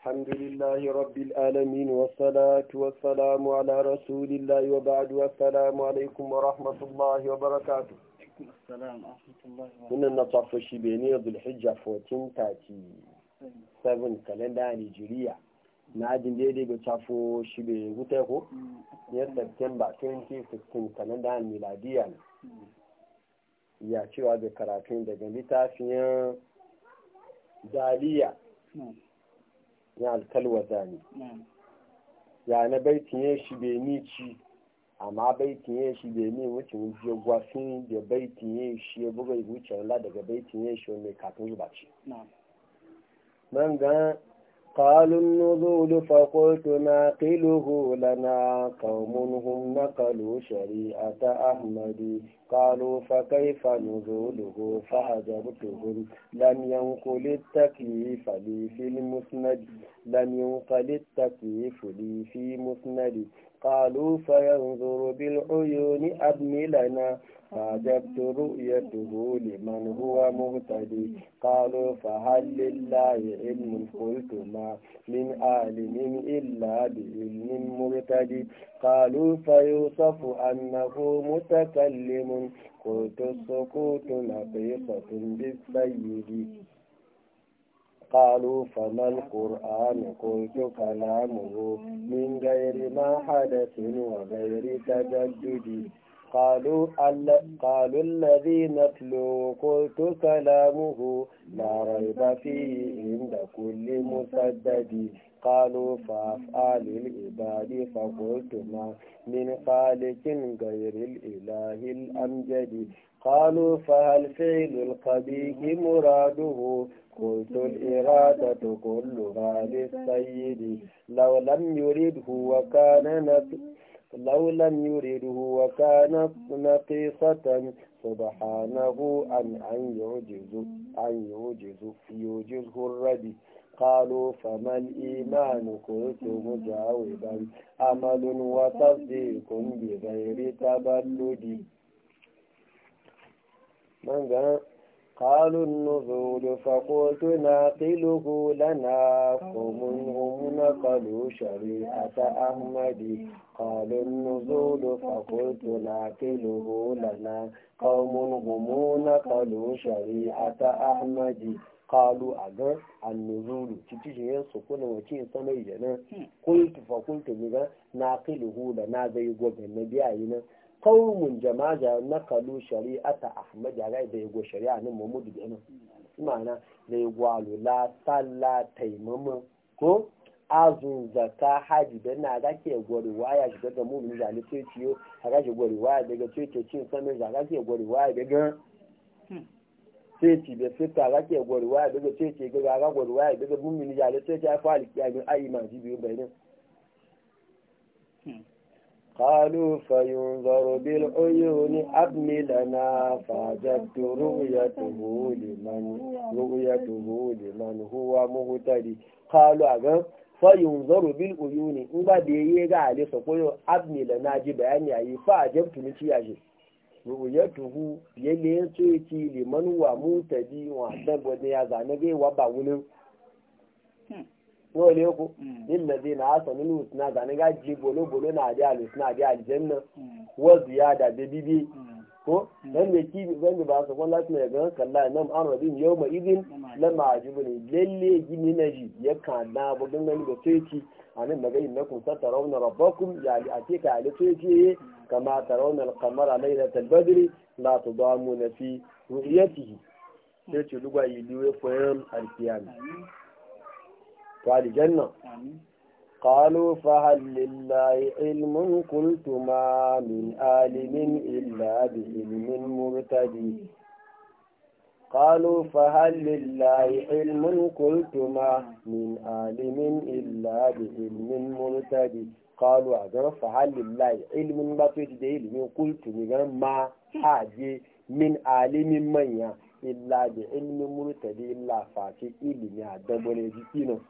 الحمد لله رب العالمين والصلاة والسلام على رسول الله وبعد والسلام عليكم ورحمة الله وبركاته Sunan na farko shi bene 1437 kalenda a na ajin tafo shi ya September kalenda a Miladiya ne. Ya cewa da karatun daga littafin Daliya. ya alkalwa ne ya na bai ya shi bai ni ci amma bai ba shi bai ni wuce wuce gwafin da bai ya shi ya buga wuce wala daga bai ya shi wani kafin zuba ci. Nan gan قالوا النزول فقلت ناقله لنا قوم هم نقلوا شريعة أحمد قالوا فكيف نزوله فعجبتهم لم ينقل التكييف لي في المسند لم ينقل التكييف لي في مسند قالوا فينظر بالعيون أبني لنا فعجبت رؤيته لمن هو مهتدي قالوا فهل لله علم قلت ما من عالم إلا بعلم مرتدي قالوا فيوصف أنه متكلم قلت السكوت نقيصة بالسيد قالوا فما القرآن قلت كلامه من غير ما حدث وغير تجدد قالوا قالوا الذي نتلو قلت كلامه لا ريب فيه عند كل مسدد قالوا فافعل العباد فقلت ما من خالق غير الاله الامجد قالوا فهل فعل القبيح مراده قلت الإرادة كلها للسيد لو لم يرده وكان نفسه لو لم يرده وكانت نقيصة سبحانه أن أن يعجز أن يعجز يعجزه الردي قالوا فما الإيمان قلت مجاوبا أمل وتصديق بغير تبلد من قال kalụ nọ ụlọ fakọti na aka ilụolọ na ọwụa kashar ata ahụmadị kaụ nụzọ ụlọ fakọti na aka ilụo lọ na kmụgwụ mụna ka shar ata ahụadị kaụ aga anụlu chitiji nye nsokwu na ewechinyeejie kwut fakọti a na aka lgwolọ na-abaghị ụgwọ ge ayị kaumun jama'a njem kalu shari'ata ahmad ya gai da ya shari'a nan mamudu da ma'ana da ya alula sallah taimama ko azun zaka haji da na ga ke go riwaya shiga da mumin sai ciyo a ga shi go riwaya daga cece cin sanin za ga ke go riwaya daga cece da fita ga ke go riwaya daga cece ga ga daga mumin sai ta fa ayi ma قالوا فينظر بالعيون أبملنا فاجت رؤيته لمن رؤيته لمن هو مهتدي قالوا أجل fayunzaru bil uyuni in ba da yayi ga ale sa koyo abni la naji bayani ayi fa ajabtu ni ciyaje ru'yatuhu yalle yace ki liman wa mutadi wa dabwa ya zanabe wa ba wunin ko ne ku mm. illa zai na asa nuna husna ga na gaji bolo bolo na adi alu suna adi aljanna mm. wa da bibi mm. ko dan me ki dan me ba su kun lati ne ga kalla nan an rabin yawma idin lamma ajibuni lalle gini na ji ya kana bu gangan da sai ki anan magani na kun raunar rabbakum ya li atika ali sai ki kama tarawna al-qamara laylatal badri la na fi ru'yatihi sai ci lugwa yi liwe foyan alkiyami kɔɗi jannan kano halilila ye ilmin koltoma min alimin illa bi ilmin murtali kano halilila ye ilmin koltoma min alimin illa bi ilmin murtali kanu a kan halilila ye ilmin mafi da ilmin koltoma ma a min alimin manya ilmin alimin murtali ya fasi ilmin a dabanan a yi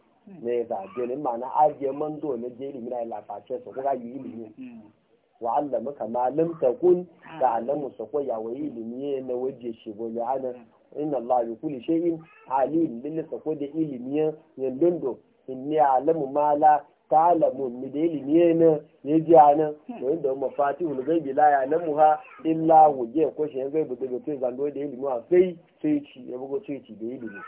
ne a jeli mana ajiye man dole jeli mina ila face su kuka yi ilimi hmm. wa Allah muka malam kun hmm. da alamu su ya na waje shi bo ya ana hmm. inna Allah bi kulli shay'in alim da ilimi ne dondo inni alamu mala talamun mi da ilimi ya ji ana wani da mafatihul gaibi la ya namuha illa wuje ko shi gaibi da bai zando da ilimi a sai sai ci ya sai ci da ilimi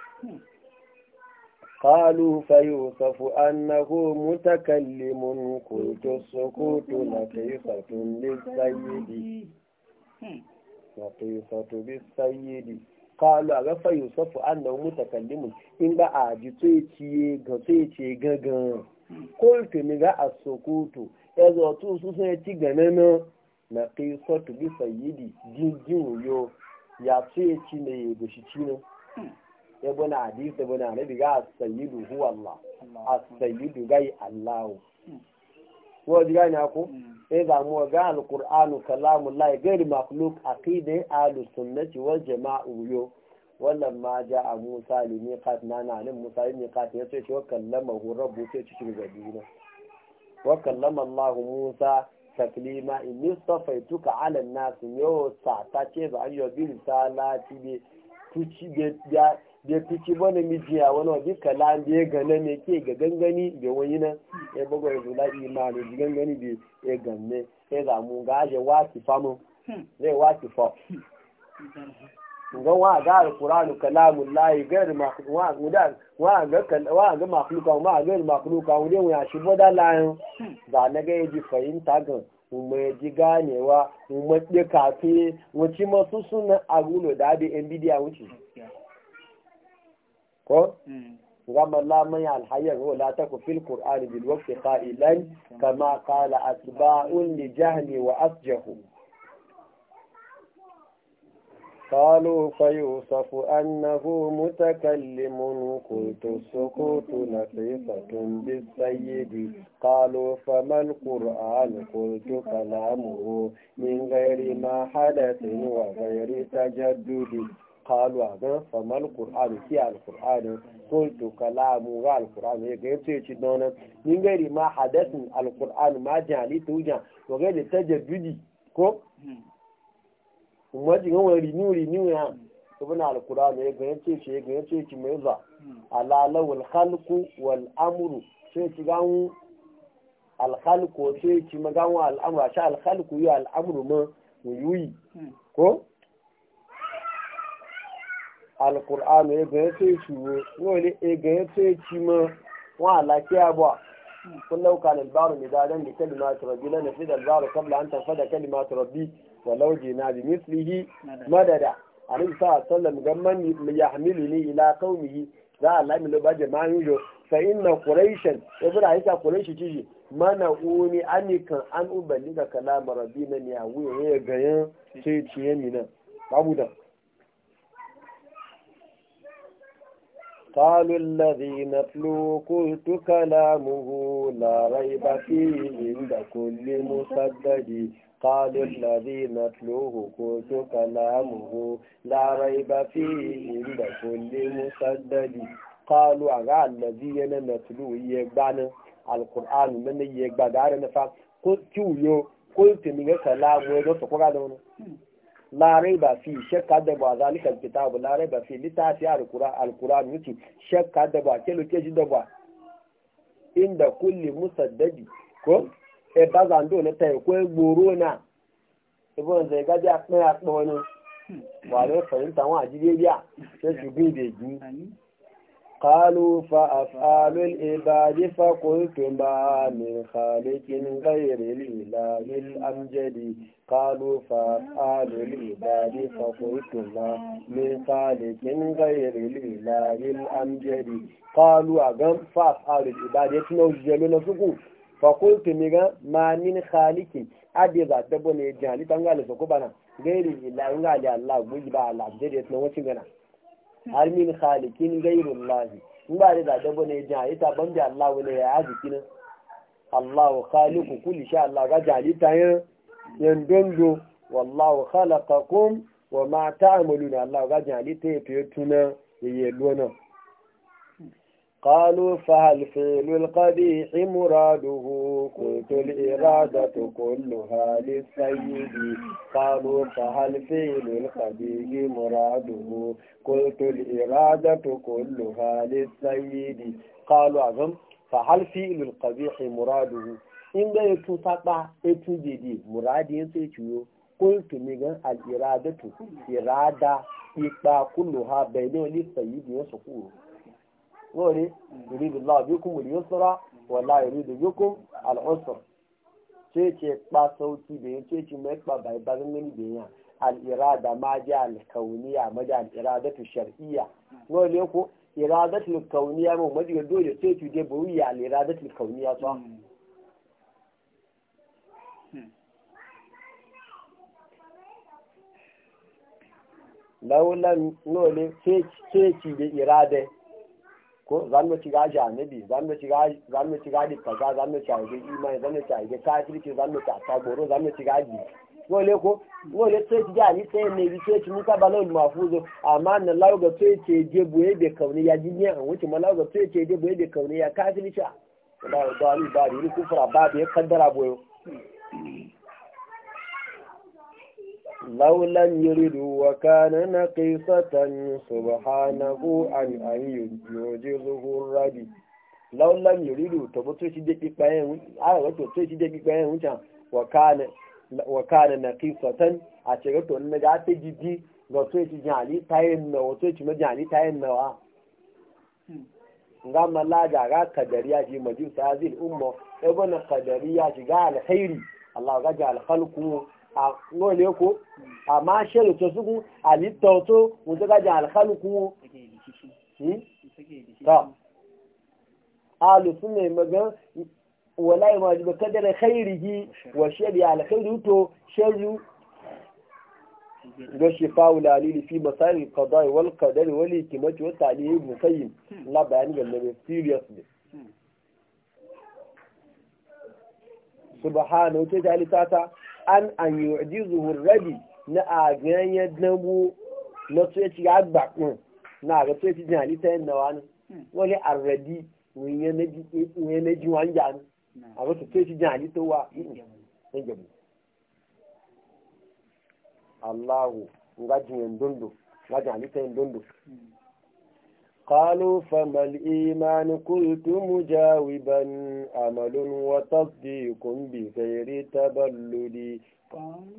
قالوا فيوصف أنه متكلم قلت السكوت لطيفة للسيد لطيفة بالسيد قالوا أغا فيوصف أنه متكلم إن بأعجي تيتي غغا قلت نغا السكوت إذا توسوسن تيغنانا لطيفة بالسيد جنجن يو يا تيتي نيغوشي تينا ibn hadis ibn anabi ga as-sayyidu huwa Allah as-sayyidu gai Allah hmm. ko diga na ko hmm. e da mu ga al-Qur'anu ga gairi makhluq aqide ahlus sunnati wal jama'a yo wannan ma ja a Musa limiqat nana nan Musa limiqat ya ce wa kallama hu rabbu ce ci shiga dina wa Allah Musa taklima inni safaituka ala an-nas yo sa ta ce ba ayyo bil salati bi tuci ya da fici bane a wani wa duka da ya gane ne ke ga gangani da wani nan ya bago ya zula imanu da gangani da ya gane ya zamu ga aje wati famu zai wati fa ga wa ga alqur'anu kalamun lahi gair ma wa ga wa ga ga makhluqa ma gair makhluqa wani ya shi boda layin da na ga yaji fahimta ga ya ji ganewa mai ɗe kafe wacce masu sunan agulo da abin nvidia wuce Ƙamala mm. mayu alhayar wata ta kufin Kur'ani duk waɗansu fa a iya layi kama kala asba'u a unyi wa asjahu. Kalu faihu, safu annagu, mutukalli, mun kutu sukutu na sisa, tambayi, sayyadi, kalufamai, Kur'ani, kutu kalamu, yunƙari, mahadin, suna wa kairi ta jaddudu. kalu a gan famal qur'ani ki alqur'ani qultu kalamu ga alqur'ani ya gaya ce ci dona min gari ma hadathin alqur'ani ma jali tuja to ga da tajaddudi ko kuma jin ko alkur'anu egan to isuro wọn ni egan to eki mọ wọn alaki abọ kullau kan albaru ne dadan da kalima turabi na nafi da albaru kabla an tafa da kalima turabi wa lauje na bi mislihi madada a nan sa sallam gamman ya hamilu ne ila kaumihi za a lami lo baje ma yujo fa inna quraishan ibra isa quraishi ji mana uni anikan an ubali da kalama rabbi na ne a wuya ya gaya sai ciye ni nan babu da قالوا الذي نتلو قلت كلامه لا ريب فيه عند كل مسدد قالوا الذي نتلوه قلت كلامه لا ريب فيه عند كل مسدد قالوا على الذي نتلو يبان القرآن من يبان دار نفا قلت يو قلت من كلامه لو تقرأ la raiba fi shakka da ba zalikal kitabu la raiba fi litafi alquran yuti shakka da ba ke loke ji da ba inda kulli musaddadi ko e ba zan do ne tai ko gboro na ibo zai gaji a pin a pin wani wa le fahimta wọn àjídé su ṣe de ìdèjì قالوا فأفعال الإباد فقلت ما من خالق غير الإله الأمجد قالوا فأفعال الإباد فقلت ما من خالق غير الإله الأمجد قالوا أغم فأفعال الإباد يتنو جلو سقوف فقلت ميغا ما من خالق أدي ذات دبوني جهالي تنغالي سقوبنا غير الإله إنغالي الله ويبع الأمجد يتنوجلون har min khalikin gairun lahi in ba da zaɗe bane ne jin ta ban bi Allah wani ya yaji kina Allah khaliku kulli sha Allah ga ta yin yan dondo wallahu khalaqakum wa ma ta'maluna Allah ga jali ta yi tuna yi قالوا فهل فعل القبيح مراده قلت الإرادة كلها للسيد قالوا فهل فعل القبيح مراده قلت الإرادة كلها للسيد قالوا أعظم فهل فعل القبيح مراده إن يتو تقع يتو مرادي يتو قلت ميغا الإرادة إرادة إقبا كلها بينه للسيد يسقوه wani yuridu Allah bikum al-yusra wa la yuridu bikum al-usra ce ce da yace mai ba bai ba da yan al-irada ma ja al-kauniya ma ja al-iradatu shar'iyya wani ko iradatu al dole ce ce da buwiya da ko zanu ci gaji annabi zanu ci gaji zanu ci gaji kaza zanu ci gaji imani zanu ci gaji kafirci zanu ci ta goro zanu ci gaji wole ko wole ce ci gaji ce ne bi ce ci muka balon mafuzo amma na lauga sai ce je buye be kauni ya jinye an wuce ma lauga sai ce je buye be kauni ya kafirci da da ni ba ri kufra ba be kaddara boyo laulan yiridu wa kana na ƙisatan subhanahu an an yi zuhur rabi laulan yiridu ta mutu shi jiki bayan aya wato sai shi jiki bayan wa kana na ƙisatan a ce wato na ga ta jiji ga sai jali ta yi nawa sai shi majali ta yi nawa ga malaga ga kadariya ji majusa zil ummu ibn kadariya ji ga alkhairi allah ga ji alkhalqu wọ́n lè kó àmá ṣẹlẹ̀ tó súnkún àlítọ́ tó tó gájà wọn. lè mọ̀gán wọ́n láì kẹ́dẹ̀rẹ̀ yìí wọ́n ṣẹlẹ̀ àlùkẹ́rì tó ṣẹ́lú gashi fa'ula lili fi masail qada'i wal seriously subhanahu ta'ala an an yu'jizuhu rabi na a ganyen dambu na tsoye ci ya gbakun hmm, na ga tsoye ci jihali ta yin nawa nan wani arradi wunye na ji wani jani a ga tsoye ci jihali ta wa hmm, na jabu allahu nga jiyan dundu nga jihali ta yin dundu قالوا فما الإيمان قلت مجاوبا أمل وتصديق بغير تبلد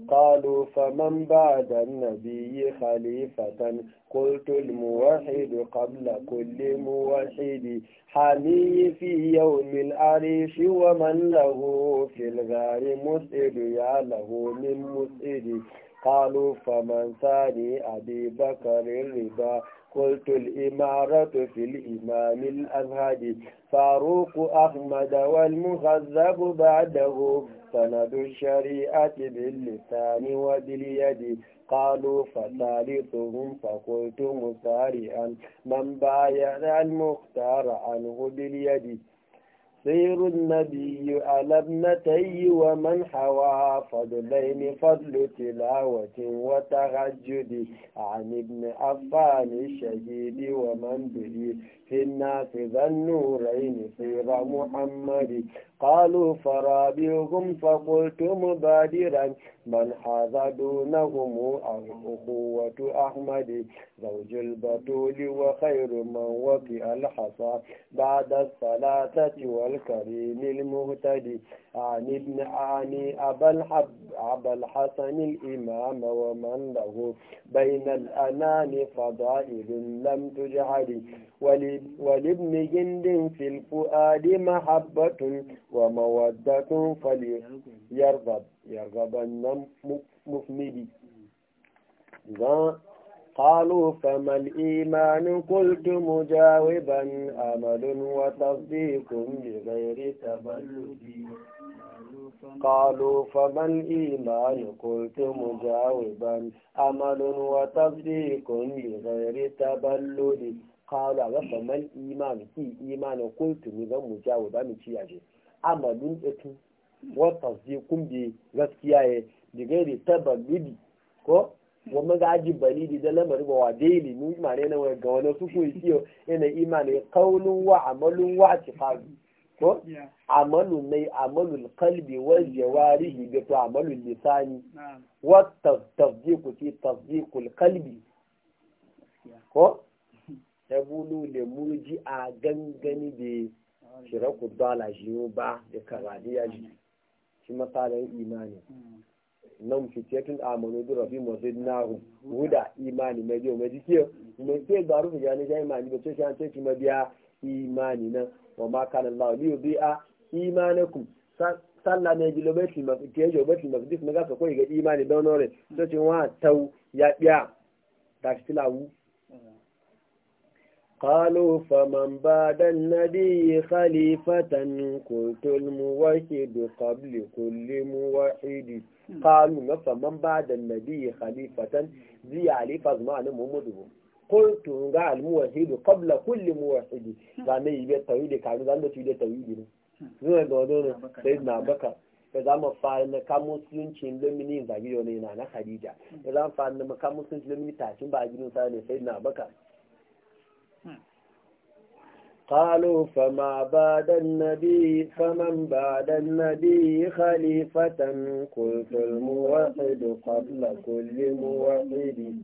قالوا فمن بعد النبي خليفة قلت الموحد قبل كل موحد حمي في يوم العريش ومن له في الغار مسئل يا له من مسئل قالوا فمن ثاني أبي بكر الرضا قلت الإمارة في الإمام الأزهد فاروق أحمد والمخذب بعده سند الشريعة باللسان وباليد قالوا فثالثهم فقلت مسارعا من بايع المختار عنه باليد سير النبي على ابنتي ومن حوى فضلين فضل تلاوة وتهجد عن ابن عفان الشهيد ومن به النافذ النورين صير محمد قالوا فرابيهم فقلت مبادرا من حاذ دونهم أو أخوة أحمد زوج البتول وخير من وكي الحصى بعد الصلاة والكريم المهتدي عن ابن عاني أبا الحب أبا الحسن الإمام ومن له بين الأنام فضائل لم تجعل ولابن جند في الفؤاد محبة ومودة فليرغب يرغب النم مفندي قالوا فما الإيمان قلت مجاوبا أمل وتصديق لغير تبلدي قالوا فما الإيمان قلت مجاوبا أمل وتصديق لغير تبلد قال فما الإيمان في إيمان قلت مجاوبا مجاوبا أمل وتصديق لغير تبلد ko wọ́n ga bari bani da dalar ba wa daily ma ne na ga wani su ku isiyo ina imani kaulun wa amalun wa tifaru ko amalu ne amalu kalbi wal jawarihi bi to amalu lisani wa tafdiku fi tafdiku al kalbi ko bulu le muji a gangani da shiraku dala shi ba da karadiya shi shi matsalar imani nan fitiyatun amanu bi rabbi mazidnahum huda imani mai biyo mai jikiyo mai ke garu ya ne ya imani ba sai an sai mabiya imani nan wa ma kana Allah li yubi'a imanakum salla ne jilobeti ma ke jilobeti ma dik maga ka koyi ga imani don nore sai wa tau ya biya ta tilawu قالوا فمن بعد النبي خليفة قلت الموحد قبل كل موحد قالوا فمن بعد النبي خليفة زي علي فضمان محمد قلت نقع الموحد قبل كل موحد زاني يبي التوحيد كانوا زاني تبي التوحيد زي دودون سيدنا بكر da za mu fara na kamusuncin lamini zagi yau ne na na khadija da za mu fara na kamusuncin lamini tashin ba a gidan sa ne sai na baka قالوا فما بعد النبي فمن بعد النبي خليفة قلت الموحد قبل كل موحد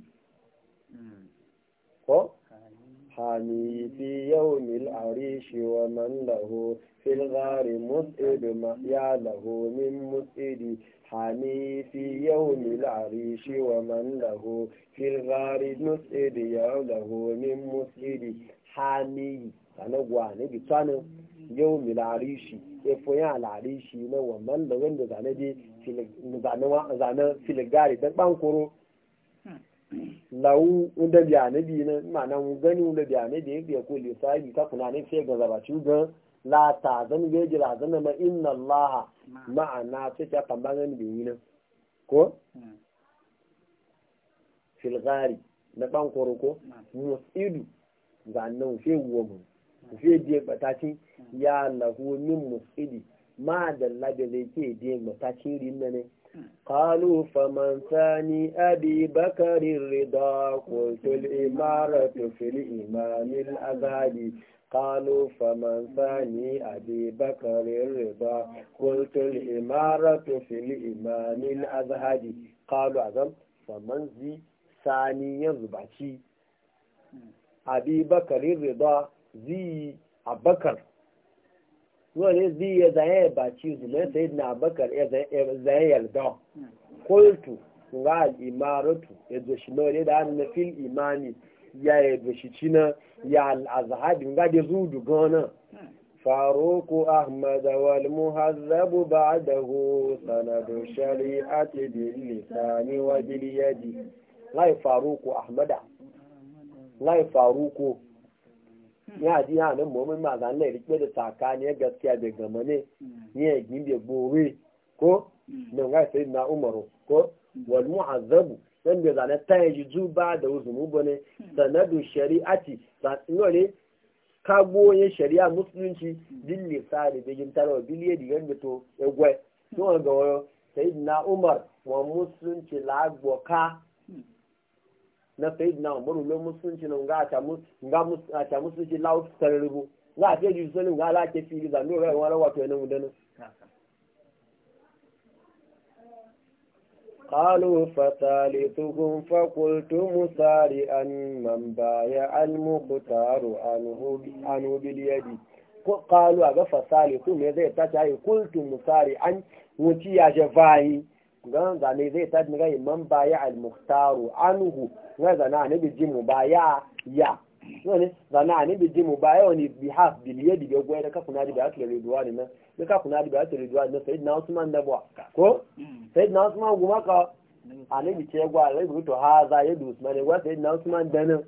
حامي في يوم العريش ومن له في الغار مسئد ما له من مسئد حامي في يوم العريش ومن له في الغار مسئد يا له من مسئد حامي sanagwa ne bi tsanin yau mi larishi ya foya larishi na wannan da wanda zane je zane filigari dan bankoro hmm. lawu wanda biya na biyu e e na ma'ana gani inda biya na biyu biya ko lissafi ta kuna ne sai ga zabaci gan la ta zan ga jira zan ma inna allaha ma'ana ta ta kambangan bi ni ko hmm. filgari na bankoro ko musidu zanen fiye guwa mu zai je matakin ya lahu min musidi ma da labe zai ke je matakin rinna ne قالوا فمن ثاني أبي بكر الرضا قلت الإمارة في الإمام sani قالوا فمن ثاني أبي بكر الرضا قلت الإمارة في الإمام الأزهدي قالوا أعظم فمن ذي ثاني أبي بكر الرضا zai abakar zuwa ne zi ya zaya ya baci zuwa sai na abakar ya zaya yarda kultu ga al'imaratu ya zoshi na wani da hannu na fil imani ya ya zoshi cina ya al'azhabi ga da zu duga wani faruku ahmad wal muhazzabu ba'dahu sanadu shari'ati bil lisani wa bil yadi lai faruku ahmad lai faruku ya ji ha nan momin ma zan lai rike da tsakani gaskiya bai gama ne ni ya gin bai gobe ko nan ga sai na umaru ko wal mu'azzabu dan bai zane ta yi juba da uzumu bane sanadu shari'ati sanore kagoye shari'a musulunci din lisani da jin tarawa biliye da yan mito egwe to ga wayo sayyidina umar wa musulunci lagboka na sayid na umaru lo musulunci na nga a ta musulunci lawo sararribu nga a fiye jisu sani nga ala ke fili za nura yawan rawa to yanan wudana قالوا فثالثهم فقلت مسارعا من بايع المختار عنه باليد قالوا أبا فثالثهم يزي تتعي قلت مسارعا وتي يا جفاهي قالوا زي تتعي من بايع المختار عنه na zana ne bi ji mu ba ya ya wani zana ne bi ji mu ba ya wani behalf biliye di bai da ka kuna di bai atle riduwa ne nan da ka kuna di bai atle riduwa ne sai na usman da ba ko sai na usman guma ka anabi ce gwa alai bi to ha za ya du usman ne gwa sai na usman da nan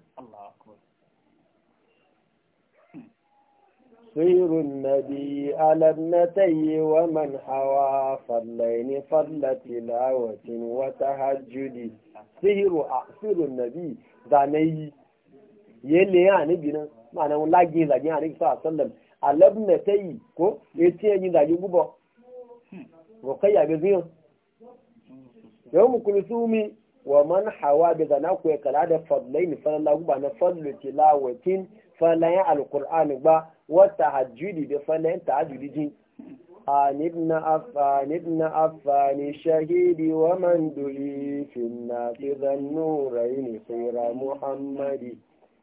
تفسير النبي على النتي ومن حوى فضلين فضل تلاوة وتهجد سهر أعصر النبي داني يلي يعني بنا معنى لا جيزا يعني صلى الله عليه وسلم على النتي كو يتيه جيزا جيبوبا وقيا بزيو يوم كلثومي ومن حوى بذناكو يكلا ده فضلين فلا الله بنا فضل تلاوة فلا يعلق القرآن با wata hajjudi da fannin ta hajjudi jin a afa nidna afa ni shahidi wa man duli finna fi zannu ne tsira muhammadi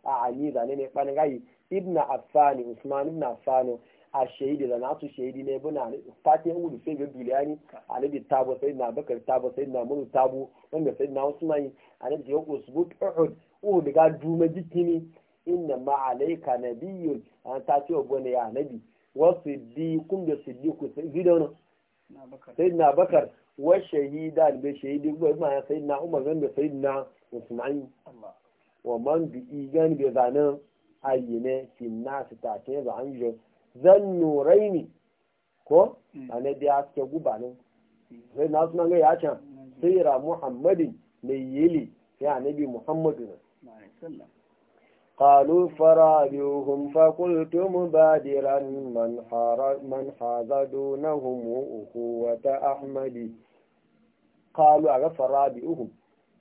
a ni zane ne fannin gayi ibna afa ni usman ibna afa ni a da na su shahidi ne buna fatin wudu sai bin duliya ne a nabi tabo sai na bakar tabo sai na mulu tabo wanda sai na usman yi a nabi ya ƙusu uhud uhud ga duma jiki ne inna ma alayka nabiyyun an ta ce gone ya nabi wa siddiqun da siddiqu gida wannan sayyidina bakar wa shahida bi shahidi ko ma sayyidina umar zan da sayyidina usman wa man bi igan bi zanan ayyine fin nas ta ce ba an yi zan ko mm. anabi ya ce gubanin mm. sai na suna gaya can mm. sai ra muhammadin mai yili ya nabi muhammadu na قالوا فرادوهم فقلتم بادرا من, من حاز دونهم أخوة أحمد قالوا أغا فرادوهم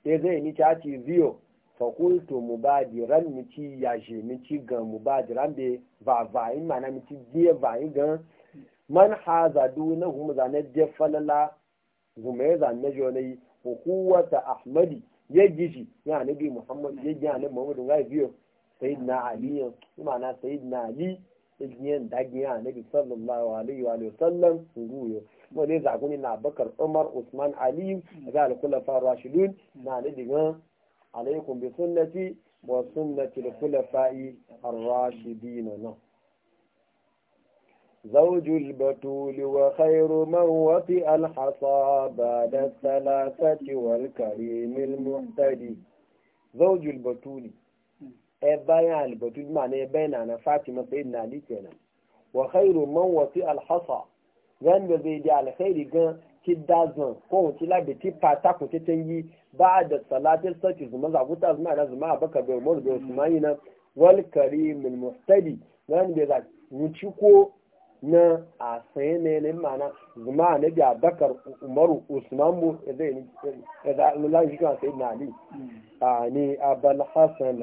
إذا نتاتي ذيو فقلت مبادرا نتي ياجي نتي غن مبادرا بي فافاين معنا نتي ذي فاين غن من حاز دونهم لا جفللا زميزا نجوني أخوة أحمد يجيشي يعني بي محمد يجي يعني محمد غاي ذيو sayyidina ali imana sayyidina ali ijiyan dagin ya nabi sallallahu alaihi wa sallam nguyo mo ne zaguni na bakar umar usman ali da al-khulafa rashidun na ne diga alaikum bi sunnati wa sunnati al-khulafa'i ar-rashidin na زوج البتول وخير من وطئ الحصى بعد الثلاثة والكريم المعتدي زوج البتول e bayan albatu ma ne na fatima sayyidina ali kenan wa khairu man wasi alhasa zan da zai da alkhairi gan ki dazan ko ki la bi ti pata ku ti tangi ba da salatin sarki zuma za kuta zuma na zuma baka bai mu da usmani na wal karimul muhtadi zan da ko na a saye ne ne mana zuma na biya bakar umaru usman bu zai ni da Allah shi kan sai na ali hmm. ani abul hasan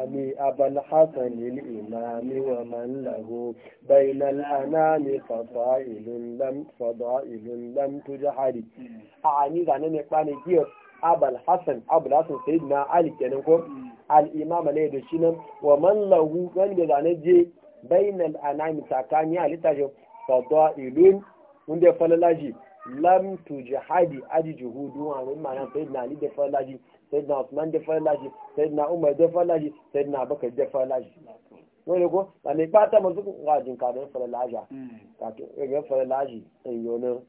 ali abul hasan lil imami wa man lahu bayna al anami fadailun lam fadailun lam tujhari hmm. ani ga ne pa ne giyo abul hasan abul hasan sayyidina ali kenan ko hmm. al imama ne da shi nan wa man lahu kan da ne je bainal anami tsakani a shi fadwa ilun wanda falalaji lam tu jihadi aji juhudu wa min ma'ana sayyidina ali da falalaji da falalaji umar da falalaji da falalaji wani ko a ne bata masu falalaji eh, eh, yonin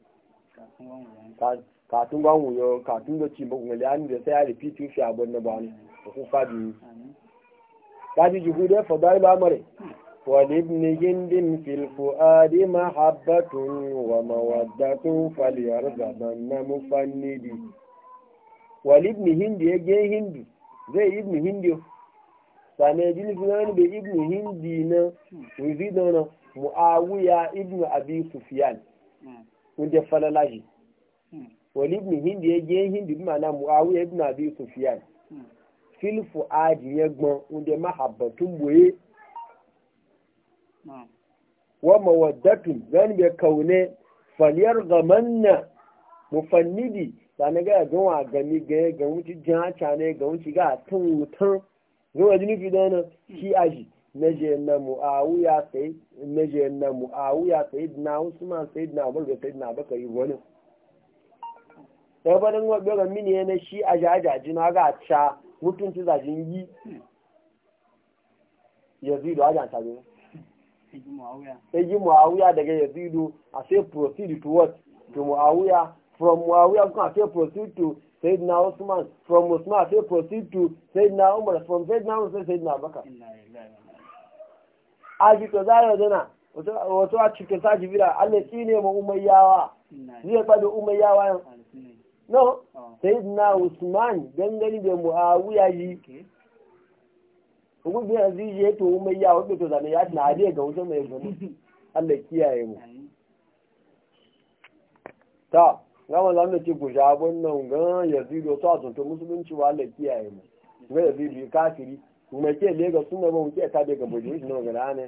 katun katun da ci da sai ya rufi tufi abin ba ne kuka biyu kaji juhudu ya ولابن جند في الفؤاد محبة ومودة Zai yi ولابن هند يجي هند زي ابن هند sane jilfinan da ibn hindi na wizida na mu'awiya ibn abi sufyan wanda falalashi wani ibn hindi ya gye hindi bi mana mu'awiya ibn abi sufyan fil mahabbatun boye wa mawaddatun zan bai kaune faliyar gamanna mufannidi sani ga don wa gami ga ga wuci jihaca ne ga wuci ga tun wutan zuwa jini fi da yana shi aji na je na mu'awuya sai na je na mu'awuya sai na ma sai na abu da sai na baka yi wani sai banin wabe ga mini yana shi a aji na ga ca mutunci zajin yi hmm. yanzu da ajan sabi sai muawiya daga yazidu a sai proceed to what to muawiya from muawiya kuma sai proceed to sayyidina usman from usman sai proceed to sayyidina umar from sayyidina umar sai sayyidina abubakar a ji to zai dana wato a cikin sashi bira allah ne ma umayyawa zai faɗi umayyawa yan no oh. na usman dangane da muawiya yi kuma biyan zije ya tohu mai yawa wadda to zane ya na hadiya ga wuce mai gani Allah kiyaye mu ta gama zan ce ku sha nan gan yazidu to a tuntu musulunci wa Allah kiyaye mu ga yazidu kafiri kuma ke lega suna ba mu ke ta daga bujin shi na gana ne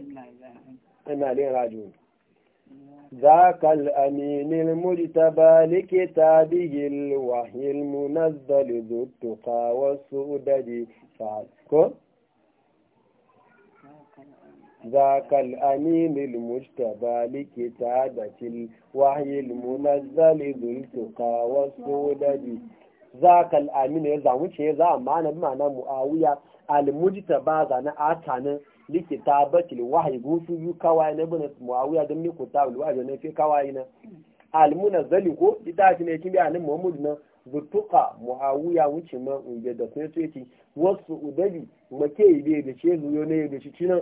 ina lin rajiyo ذاك الأمين المجتبى لكتابه الوحي المنزل ذو التقى والسؤدد فاسكت ذاك الأمين المجتبى لكتابة الوحي المنزل ذو التقى والسودج ذاك الأمين يزعمون شيء ذا معنا بمعنى مؤاوية المجتبى ذانا آتانا لكتابة الوحي قوسو كواينا بنا مؤاوية دمني كتاب الوحي دمني في كواينا المنزل ko littafin ne kin bi anan Muhammadu na zutuka Muawiya wuce ma unge ما sai sai wasu udabi make ibe da ce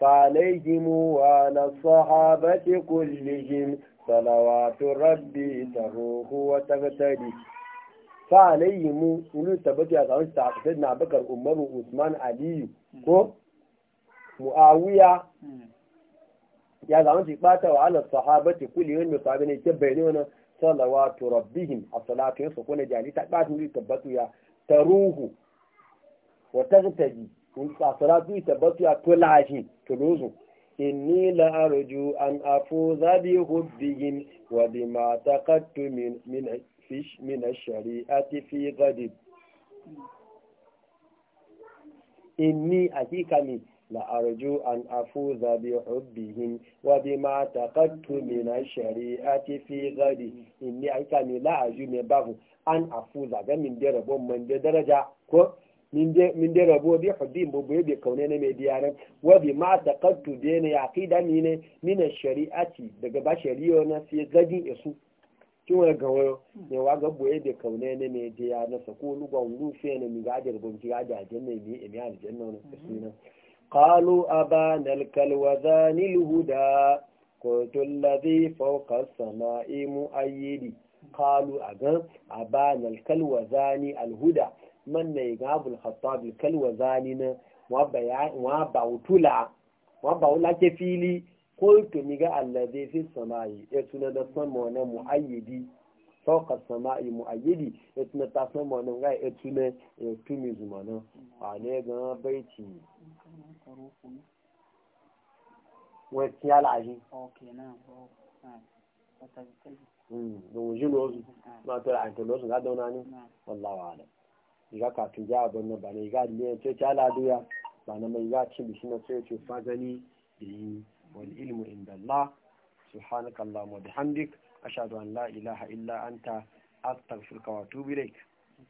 فعليهم وعلى الصحابة كلهم صلوات ربي تروح وتغتدي فعليهم ولو تبكي أصحاب سيدنا بكر أمر وعثمان علي كو معاوية يا زمان تبات وعلى الصحابة كل يوم يصابين يتبينون صلوات ربهم الصلاة يسقون جالي تبات ولو يا تروح وتغتدي fasara bi tabbatu ya to a to lozu inni la arju an afuza bi hubbihim wa bima taqattu min min fish min ash-shari'ati fi ghadib inni hakikami la arju an afuza bi hubbihim wa bima taqattu min ash-shari'ati fi ghadib inni hakikami la arju me babu an afuza ga min da rabon man da daraja ko min da rabo bi hudin bo boye bi kaune ne mai diyaran wa bi ma taqattu bi ne aqida mi ne min shari'ati daga ba shari'o na sai gadi isu kin wa ga wayo ne wa ga boye bi kaune ne mai diyaran sa ko lugwa lu fe ne mi ga da rabo ki ga da janna mi e mi aljanna ne sunan qalu abana alkalwazani alhuda قلت الذي فوق السماء مؤيد قالوا أغن أبان الكلوزاني الهدى man na ga abul khattab kalwa zalina wa bayan wa bautula wa baula ke fili ko to ni ga allazi fi samai ya tuna na muayyidi fawqa samai muayyidi ya tuna sama na ga ya na ma iga kafin ja abin nan ba na iga ya ce ta laduya ba na mai ya ce bishi na sai ce fagani da yi wani ilmu inda Allah subhanakallahumma bihamdik ashhadu an la ilaha illa anta astaghfiruka wa atubu ilaik